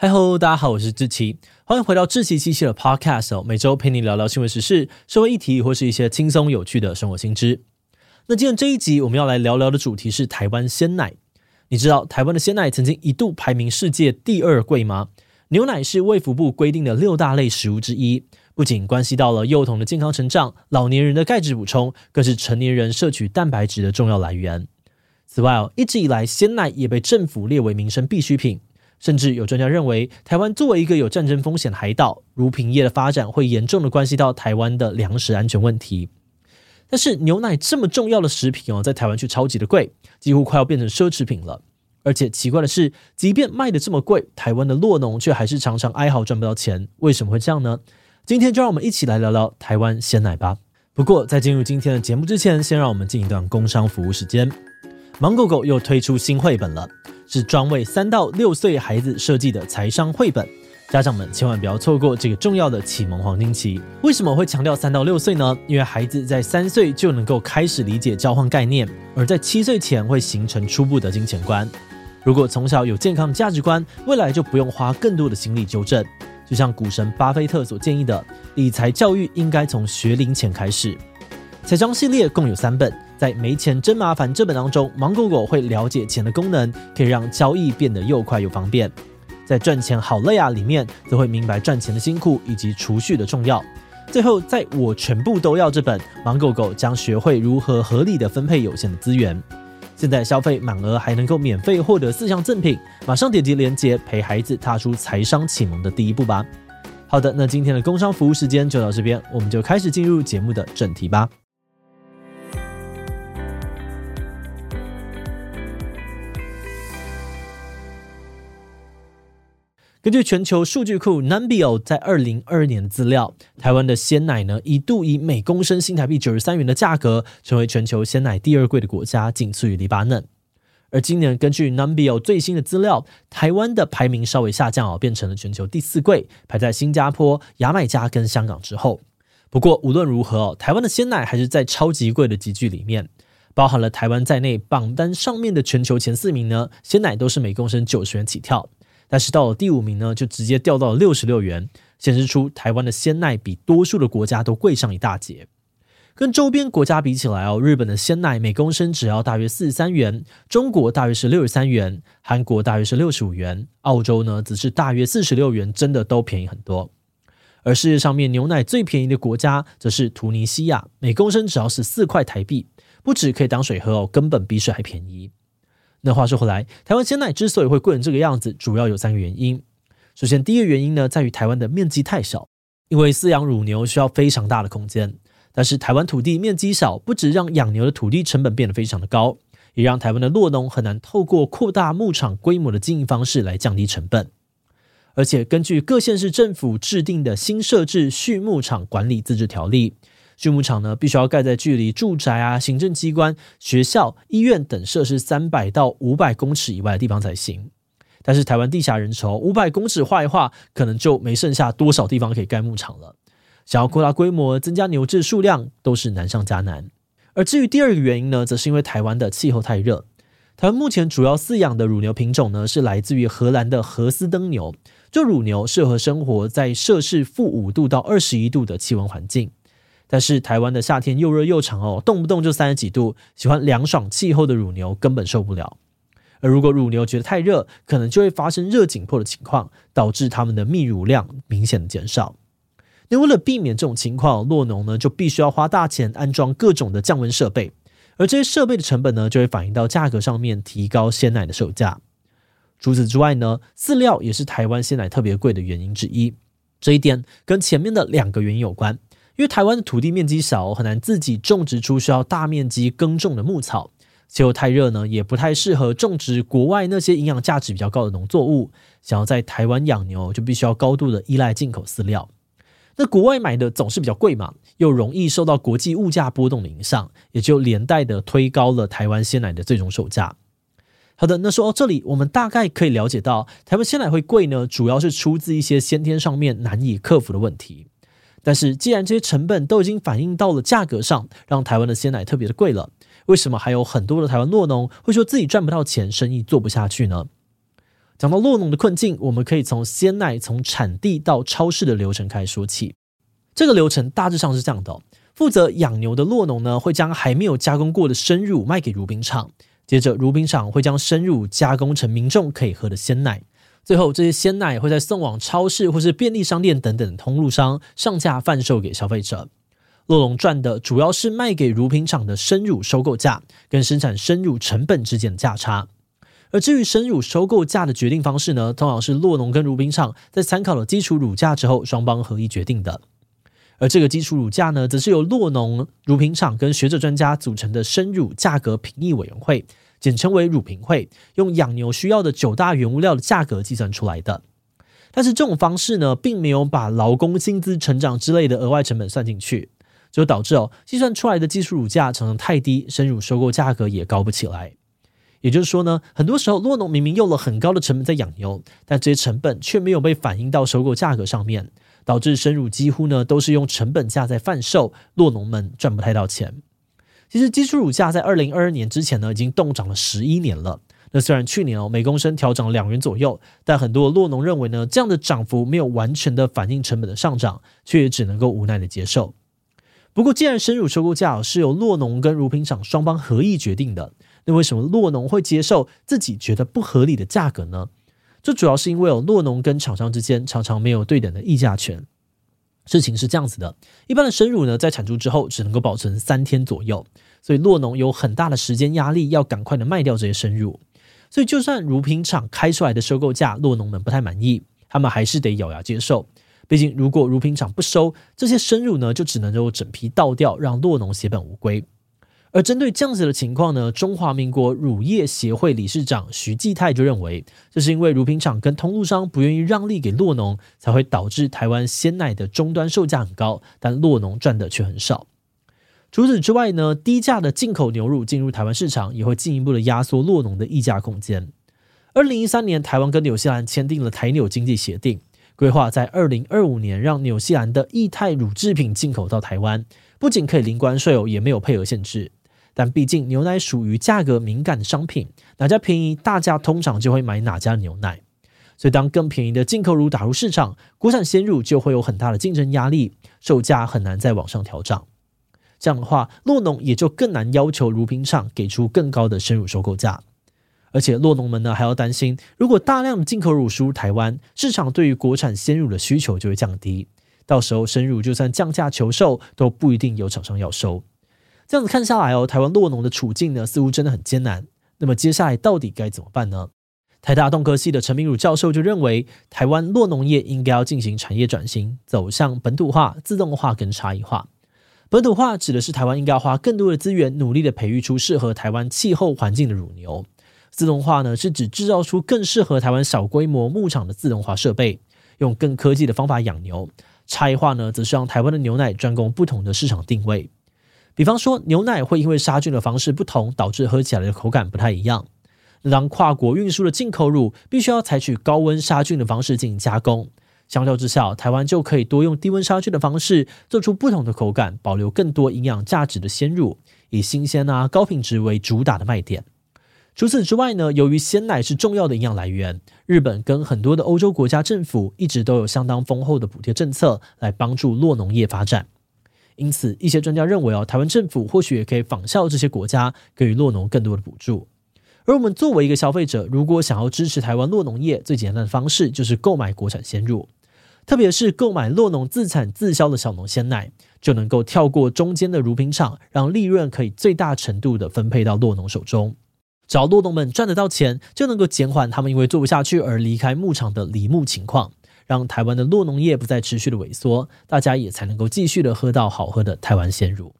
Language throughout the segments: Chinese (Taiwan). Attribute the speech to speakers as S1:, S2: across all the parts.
S1: Hiho，大家好，我是志祺，歡迎回到志祺七七的 Podcast 每週陪你聊聊新聞時事、社會議題，或是一些輕鬆有趣的生活新知。那今天這一集我們要來聊聊的主題是台灣鮮奶。你知道台灣的鮮奶曾經一度排名世界第二貴嗎？牛奶是衛福部規定的六大類食物之一，不僅關係到了幼童的健康成長，老年人的鈣質補充，更是成年人攝取蛋白質的重要來源。此外哦，一直以來鮮奶也被政府列為民生必需品。甚至有專家認為，台灣作為一個有戰爭風險的海島，乳品業的發展會嚴重的關係到台灣的糧食安全問題。但是，牛奶這麼重要的食品哦，在台灣卻超級的貴，幾乎快要變成奢侈品了。而且奇怪的是，即便賣的這麼貴，台灣的酪農卻還是常常哀嚎賺不到錢。為什麼會這樣呢？今天就讓我們一起來聊聊台灣鮮奶吧。不過，在進入今天的節目之前，先讓我們進一段工商服務時間。芒狗狗又推出新繪本了，是專為三到六歲孩子設計的財商繪本。家長們千萬不要錯過這個重要的啟蒙黃金期。為什麼會強調三到六歲呢？因為孩子在三歲就能夠開始理解交換概念，而在七歲前會形成初步的金錢觀。如果從小有健康價值觀，未來就不用花更多的精力糾正。就像股神巴菲特所建議的，理財教育應該從學齡前開始。財商系列共有三本。在沒錢真麻煩這本當中，芒狗狗會了解錢的功能，可以讓交易變得又快又方便。在賺錢好累啊裡面，則會明白賺錢的辛苦以及儲蓄的重要。最後，在我全部都要這本，芒狗狗將學會如何合理地分配有限的資源。現在消費滿額還能夠免費獲得四項贈品，馬上點擊鏈接，陪孩子踏出財商啟蒙的第一步吧。好的，那今天的工商服務時間就到這邊，我們就開始進入節目的正題吧。根據全球數據庫 Numbeo 在二零二二年的資料，台灣的鮮奶呢一度以每公升新台幣九十三元的價格，成為全球鮮奶第二貴的國家，僅次於黎巴嫩。而今年根據 Numbeo 最新的資料，台灣的排名稍微下降哦，變成了全球第四貴，排在新加坡、牙買加跟香港之後。不過無論如何哦，台灣的鮮奶還是在超級貴的集聚裡面，包含了台灣在內榜單上面的全球前四名呢，鮮奶都是每公升九十元起跳。但是到了第五名呢，就直接掉到了六十六元，顯示出台灣的鮮奶比多數的國家都貴上一大截。跟周邊國家比起來哦，日本的鮮奶每公升只要大約四十三元，中國大約是六十三元，韓國大約是六十五元，澳洲呢則是大約四十六元，真的都便宜很多。而世界上面牛奶最便宜的國家則是突尼西亞，每公升只要十四塊台幣，不止可以當水喝哦，根本比水還便宜。那話說回來，台灣鮮奶之所以會貴成這個樣子，主要有三個原因。首先，第一個原因呢，在於台灣的面積太小，因為飼養乳牛需要非常大的空間。但是，台灣土地面積少，不止讓養牛的土地成本變得非常的高，也讓台灣的酪農很難透過擴大牧場規模的經營方式來降低成本。而且，根據各縣市政府制定的新設置畜牧場管理自治條例。畜牧場呢，必須要蓋在距離住宅啊、行政機關、學校、醫院等設施三百到五百公尺以外的地方才行。但是台灣地狹人稠，五百公尺畫一畫，可能就沒剩下多少地方可以蓋牧場了。想要擴大規模、增加牛隻數量，都是難上加難。而至於第二個原因呢，則是因為台灣的氣候太熱。台灣目前主要飼養的乳牛品種呢，是來自於荷蘭的荷斯登牛。這乳牛適合生活在攝氏負五度到二十一度的氣溫環境。但是台灣的夏天又熱又長哦，動不動就三十幾度，喜歡涼爽氣候的乳牛根本受不了。而如果乳牛覺得太熱，可能就會發生熱緊迫的情況，導致它們的泌乳量明顯的減少。那為了避免這種情況，酪農呢就必須要花大錢安裝各種的降溫設備，而這些設備的成本呢就會反映到價格上面，提高鮮奶的售價。除此之外呢，飼料也是台灣鮮奶特別貴的原因之一。這一點跟前面的兩個原因有關。因為台灣的土地面積小哦，很難自己種植出需要大面積耕種的牧草，氣候太熱呢，也不太適合種植國外那些營養價值比較高的農作物。想要在台灣養牛，就必須要高度的依賴進口飼料。那國外買的總是比較貴嘛，又容易受到國際物價波動的影響，也就連帶的推高了台灣鮮奶的最終售價。好的，那說到這裡，我們大概可以了解到，台灣鮮奶會貴呢，主要是出自一些先天上面難以克服的問題。但是，既然這些成本都已經反映到了價格上，讓台灣的鮮奶特別的貴了，為什麼還有很多的台灣酪農會說自己賺不到錢，生意做不下去呢？講到酪農的困境，我們可以從鮮奶從產地到超市的流程開始說起。這個流程大致上是這樣的：負責養牛的酪農呢，會將還沒有加工過的生乳賣給乳品廠，接着乳品廠會將生乳加工成民眾可以喝的鮮奶。最後，這些鮮奶會在送往超市或是便利商店等等通路商上架販售給消費者。酪農賺的主要是賣給乳品廠的生乳收購價跟生產生乳成本之間的價差。而至於生乳收購價的決定方式呢，通常是酪農跟乳品廠在參考了基礎乳價之後，雙方合議決定的。而這個基礎乳價呢，則是由酪農、乳品廠跟學者專家組成的生乳價格評議委員會。簡稱為乳品會，用養牛需要的九大原物料的價格計算出來的。但是這種方式呢，並沒有把勞工薪資成長之類的額外成本算進去，就導致哦，計算出來的基礎乳價常常太低，生乳收購價格也高不起來。也就是說呢，很多時候酪農明明用了很高的成本在養牛，但這些成本卻沒有被反映到收購價格上面，導致生乳幾乎呢都是用成本價在販售，酪農們賺不太到錢。其實基礎乳價在二零二二年之前呢，已經凍漲了十一年了。那雖然去年哦，每公升調漲了兩元左右，但很多的酪農認為呢，這樣的漲幅沒有完全的反映成本的上漲，卻也只能夠無奈的接受。不過，既然生乳收購價是由酪農跟乳品廠雙方合意決定的，那為什麼酪農會接受自己覺得不合理的價格呢？這主要是因為有酪農跟廠商之間常常沒有對等的議價權。事情是這樣子的，一般的生乳呢，在產出之後只能夠保存三天左右，所以酪農有很大的時間壓力，要趕快的賣掉這些生乳。所以就算乳品廠開出來的收購價，酪農們不太滿意，他們還是得咬牙接受。畢竟如果乳品廠不收，這些生乳呢，就只能夠整批倒掉，讓酪農血本無歸。而針對這樣子的情況呢，中華民國乳業協會理事長徐繼泰就認為，這是因為乳品廠跟通路商不願意讓利給洛農，才會導致台灣鮮奶的終端售價很高，但洛農賺的卻很少。除此之外呢，低價的進口牛乳進入台灣市場，也會進一步的壓縮洛農的議價空間。二零一三年，台灣跟紐西蘭簽訂了台紐經濟協定，規劃在二零二五年讓紐西蘭的液態乳製品進口到台灣，不僅可以零關稅哦，也沒有配額限制。但畢竟牛奶屬於價格敏感的商品，哪家便宜，大家通常就會買哪家牛奶。所以當更便宜的進口乳打入市場，國產鮮乳就會有很大的競爭壓力，售價很難再往上調整。這樣的話，酪農也就更難要求乳品廠給出更高的生乳收購價。而且酪農們呢還要擔心，如果大量進口乳輸入台灣，市場對於國產鮮乳的需求就會降低，到時候生乳就算降價求售，都不一定有廠商要收。這樣子看下來哦，台灣酪農的處境呢，似乎真的很艱難。那麼接下來到底該怎麼辦呢？台大動科系的陳明汝教授就認為，台灣酪農業應該要進行產業轉型，走向本土化、自動化跟差異化。本土化指的是台灣應該要花更多的資源，努力的培育出適合台灣氣候環境的乳牛。自動化呢，是指製造出更適合台灣小規模牧場的自動化設備，用更科技的方法養牛。差異化呢，則是讓台灣的牛奶專攻不同的市場定位。比方說，牛奶會因為殺菌的方式不同，導致喝起來的口感不太一樣。那當跨國運輸的進口乳必須要採取高溫殺菌的方式進行加工，相較之下，台灣就可以多用低溫殺菌的方式，做出不同的口感，保留更多營養價值的鮮乳，以新鮮啊、高品質為主打的賣點。除此之外呢，由於鮮奶是重要的營養來源，日本跟很多的歐洲國家政府一直都有相當豐厚的補貼政策，來幫助酪農業發展。因此，一些專家認為，哦，台灣政府或許也可以仿效這些國家，給予酪農更多的補助。而我們作為一個消費者，如果想要支持台灣酪農業，最簡單的方式就是購買國產鮮乳，特別是購買酪農自產自銷的小農鮮奶，就能夠跳過中間的乳品廠，讓利潤可以最大程度的分配到酪農手中。只要酪農們賺得到錢，就能夠減緩他們因為做不下去而離開牧場的離牧情況。讓台灣的酪農業不再持續的萎縮，大家也才能夠繼續的喝到好喝的台灣鮮乳。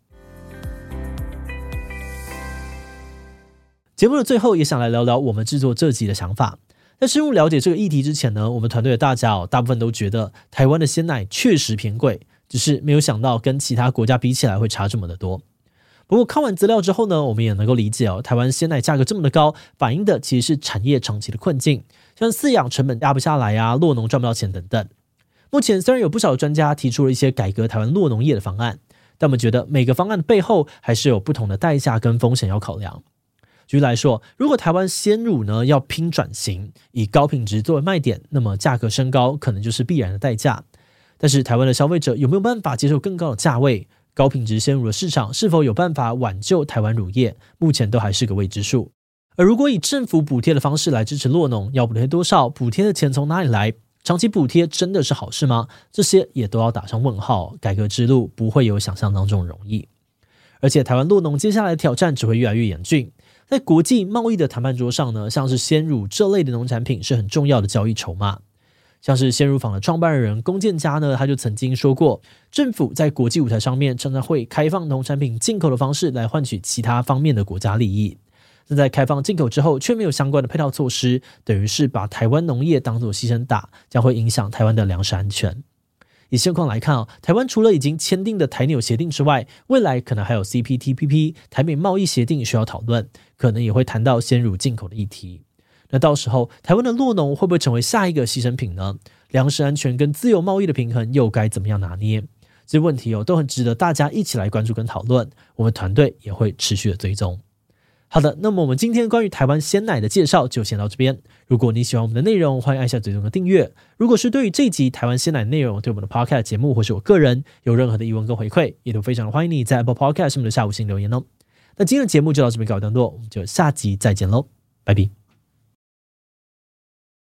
S1: 節目的最後也想來聊聊我們製作這集的想法。在深入了解這個議題之前呢，我們團隊的大家哦，大部分都覺得台灣的鮮奶確實偏貴，只是沒有想到跟其他國家比起來會差這麼的多。不過看完資料之後呢，我們也能夠理解哦、喔，台灣鮮奶價格這麼的高，反映的其實是產業長期的困境，像飼養成本壓不下來呀、啊，酪農賺不到錢等等。目前雖然有不少專家提出了一些改革台灣酪農業的方案，但我們覺得每個方案的背後還是有不同的代價跟風險要考量。舉例來說，如果台灣鮮乳呢要拼轉型，以高品質作為賣點，那麼價格升高可能就是必然的代價。但是台灣的消費者有沒有辦法接受更高的價位？高品質鮮乳的市場是否有辦法挽救台灣乳業？目前都還是個未知數。而如果以政府補貼的方式來支持酪農，要補貼多少？補貼的錢從哪裡來？長期補貼真的是好事嗎？這些也都要打上問號。改革之路不會有想象當中容易。而且台灣酪農接下來的挑戰只會越來越嚴峻。在國際貿易的談判桌上呢，像是鮮乳這類的農產品是很重要的交易籌碼。像是鮮乳坊的創辦人龔建嘉呢，他就曾經說過，政府在國際舞台上面常常會開放農產品進口的方式來換取其他方面的國家利益。但在開放進口之後，卻沒有相關的配套措施，等於是把台灣農業當作犧牲打，將會影響台灣的糧食安全。以現況來看啊、哦，台灣除了已經簽訂的台紐協定之外，未來可能還有 CPTPP 台美貿易協定需要討論，可能也會談到鮮乳進口的議題。那到時候，台灣的酪農會不會成為下一個犧牲品呢？糧食安全跟自由貿易的平衡又該怎麼樣拿捏？這些問題哦，都很值得大家一起來關注跟討論。我們團隊也會持續的追蹤。好的，那麼我們今天關於台灣鮮奶的介紹就先到這邊。如果你喜歡我們的內容，歡迎按下最上的訂閱。如果是對於這集台灣鮮奶內容，對我們的 Podcast 節目或是我個人有任何的疑問跟回饋，也都非常的歡迎你在 Apple Podcast 上面的下方進行留言哦。那今天的節目就到這邊告一段落，我們就下集再見嘍，拜拜。